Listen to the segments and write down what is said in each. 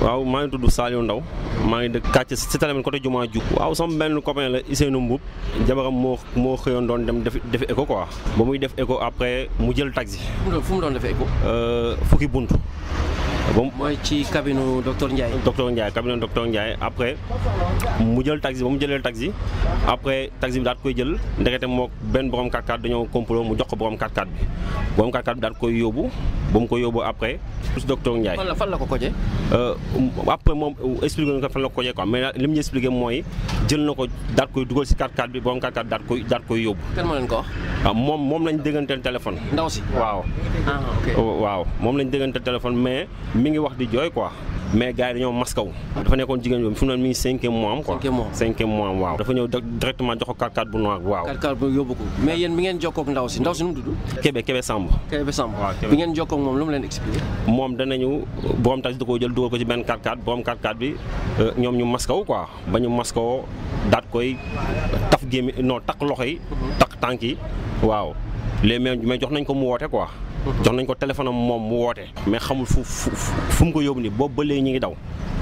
waaw maa ngi tudd Saliou Ndaw maa ngi dëkk kàcc si Talamine côté Jumaa Juk waaw sama benn copain la Ousseynou Mboub jabaram moo moo xëyoon doon dem def def ko quoi ba muy def écho après mu jël taxi. fu mu doon def écho. Euh, fukki bunt. ba mu ci cabine docteur Ndiaye. docteur Ndiaye cabine docteur Ndiaye mu jël taxi ba mu jëlee taxi après taxi bi daal koy jël ndekete moo benn borom 4 x mu jox ko borom 4 bi borom 4x4 koy yóbbu. ba mu ko yóbbu après plus docteur Ndiaye. fan la fan la ko kojee. Euh, après moom expliqué fan la ko kojee quoi mais li mu ñu expliqué mooy jël na ko daal koy dugal si 4x4 bi borom 4x4 daal koy daal koy yóbbu. Ah, moom moom lañ dégganteel téléphone. ndaw si waaw. ah waaw moom lañ dégganteel téléphone mais mi ngi wax di jooy quoi. mais gars yi dañoo maskaw dafa nekkoon jigéen yooyu fu mu ne mi ngi cinquième mois am quoi cinquième mois am waaw dafa ñëw directement jox ko 4-4 bu noir waaw 4-4 bu yóbbu ko mais yéen bi ngeen jokkoo ak ndaw si ndaw si nu mu tudd Kébé Kébé Samb Kébé Samb bi ngeen jokkoo ak moom lu mu leen expliqué moom danañu koo jël dugal ko ci benn 4-4 borom 4 euh, ñoom ñu maskaw quoi ba ñu maskawoo daat koy taf gémmi non takk loxo yi mhm. takk tànk yi waaw léegi mais jox nañ ko mu woote quoi Mhm. jox nañ ko téléphone am moom mu woote. mais xamul fu fu fu mu ko yóbbu nii boobu ba léegi ñu ngi daw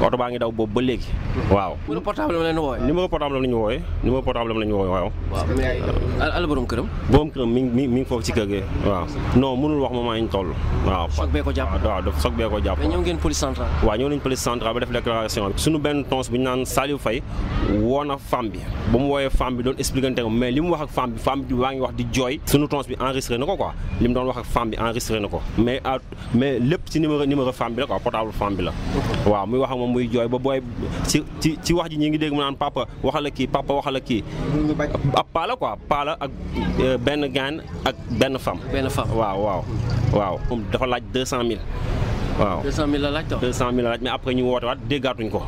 oto baa ngi daw boobu ba léegi mhm. waaw. numéro portable am la ñu wooyee. portable am la ñu waaw. waaw ala ngi foofu ci kër gi waaw non mënul wax moment yi ñu toll waaw. soog bee ko jàpp waaw soog bee ko jàpp. mais ñëw ngeen police centrale. waaw ñëw nañ police centrale ba def déclaration bi suñu benn tons bu naan Saliou Faye woo na bi enregistré na ko mais ah mais lépp ci numéro numéro femme bi la quoi portable femme bi la. waaw muy wax ak moom muy jooy ba booy ci ci ci wax ji ñi ngi dégg ma naan papa waxal la kii papa waxal la kii. ab paa la quoi paa la ak euh, benn gaan ak benn femme. benn waaw waaw. waaw dafa laaj deux cent mille. waaw deux la laaj. deux cent mille la laaj mais après ñu woote waat déggaatuñ ko.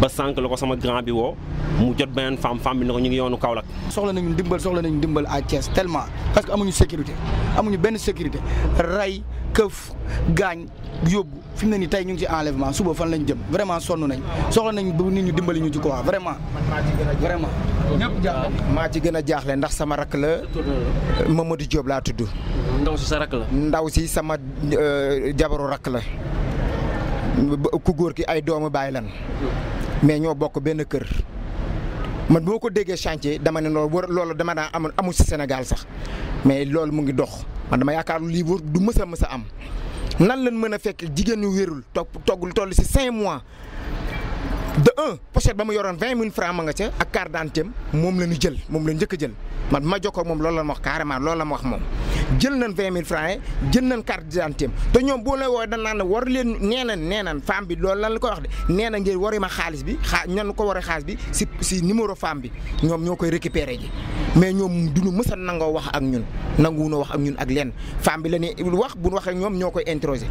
ba sànq la ko sama grand bi woo mu jot beneen femme femme bi ne ko ñu ngi yoonu Kaolack. soxla nañu ndimbal soxla nañu ndimbal à Thiès tellement parce que amuñu sécurité amuñu benn sécurité rey këf gaañ yóbbu fi mu ne ni tey ñu ngi ci enlèvement suba fan lañu jëm vraiment sonn nañ soxla nañ bu nit ñu dimbali ñu ci quoi vraiment vraiment. ñëpp maa ci gën a jaaxle ndax sama rakk la Mamadou Diop laa tudd. ndaw si sa rakk la. ndaw si sama euh, jabaru rakk la. ku góor ki ay doomu baay lan mais ñoo bokk benn kër man boo ko déggee chantier dama ne loolu loolu dama naa amul amul si Sénégal sax mais loolu mu ngi dox man dama yaakaar lii war du mës a mës a am nan lañ mën a fekk jigéen ñu wérul toog toggul toll si cinq mois de un pochette ba mu yoroon vingt mille francs ma nga ca ak carte d'identité moom la ñu jël moom la njëkk jël man bu ma jokkoo moom loolu la ma wax carrément loolu la ma wax moom jël nañ vingt mille francs yi jël nañ carte d'identité te ñoom boo lay wooy dañ naan war leen nee na nee na femme bi lool lan la ko wax de nee na ngeen wari ma xaalis bi xaa ñan ko war a xaalis bi si si numéro femme bi ñoom ñoo koy récupérer ji mais ñoom duñu mës a nangoo wax ak ñun nanguwuñu wax ak ñun ak leen femme bi la ñuy wax bu ñu waxee ñoom ñoo koy interroger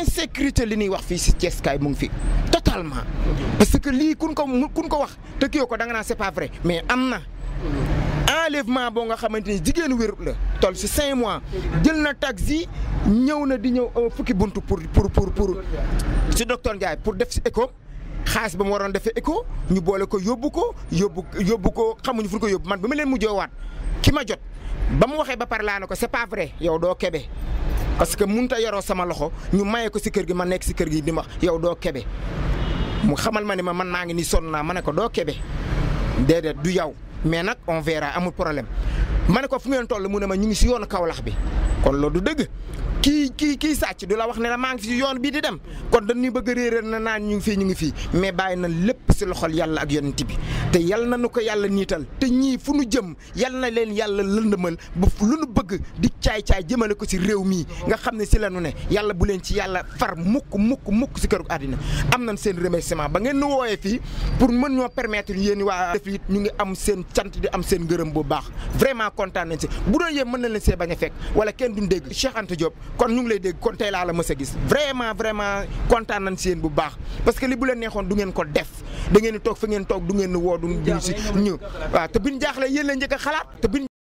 insécurité li ñuy wax fii si Thiès kaay mu ngi fi totalement parce que lii kun ko kun ko wax te kii ko da nga naan c'est pas mais am na enlèvement boo nga xamante ni jigéenu wérut la toll si cinq mois jël na taxi ñëw na di ñëw fukki buntu pour pour pour pour si docteur Ndiaye pour def si écho xaalis ba mu waroon def écho ñu boole ko yóbbu ko yóbbu yóbbu ko xamuñu fu ko yóbbu man ba ma leen mujjee waat ki ma jot ba mu waxee ba pare laa ne ko c'est pas vrai yow doo kebe parce que mënut ta yoroo sama loxo ñu maye ko si kër gi ma nekk si kër gi di ma yow doo kebe mu xamal ma ne ma man maa ngi ni sonn naa ma ne ko doo kebe déedéet du yow. mais nag on verra amul problème ma ne ko fu ngeen toll mu ne ma ñu ngi si yoonu Kaolack bi kon loo du dëgg ki kii kii sàcc du la wax ne la maa ngi si yoon bii di dem kon dañuy bëgg a réeral na naan ñu ngi fii ñu ngi fii mais bàyyi nañ lépp. si loxol yàlla ak yonent bi te yal na nu ko yàlla niital te ñii fu nu jëm yal na leen yàlla lëndëmal ba lu nu bëgg di caay-caay jëmale ko si réew mii nga xam ne si la nu ne yàlla bu leen ci yàlla far mukk mukk mukk si këru àddina am nañ seen remerciement ba ngeen nu woowee fii pour mën ñoo permettre yéen waa def it ñu ngi am seen cant di am seen ngërëm bu baax vraiment kontaan nañ bu doon yéen mën na leen see bañ a fekk wala kenn duñ dégg Cheikh Anta Diop kon ñu ngi lay dégg kon tey la mës a gis vraiment vraiment kontaan nañ si yéen bu baax parce que li bu leen neexoon du ngeen ko def da ngeen toog fa ngeen toog du ngeen di woo du ñu si ñu waaw te biñ jaaxle yéen la njëkk a xalaat te biñ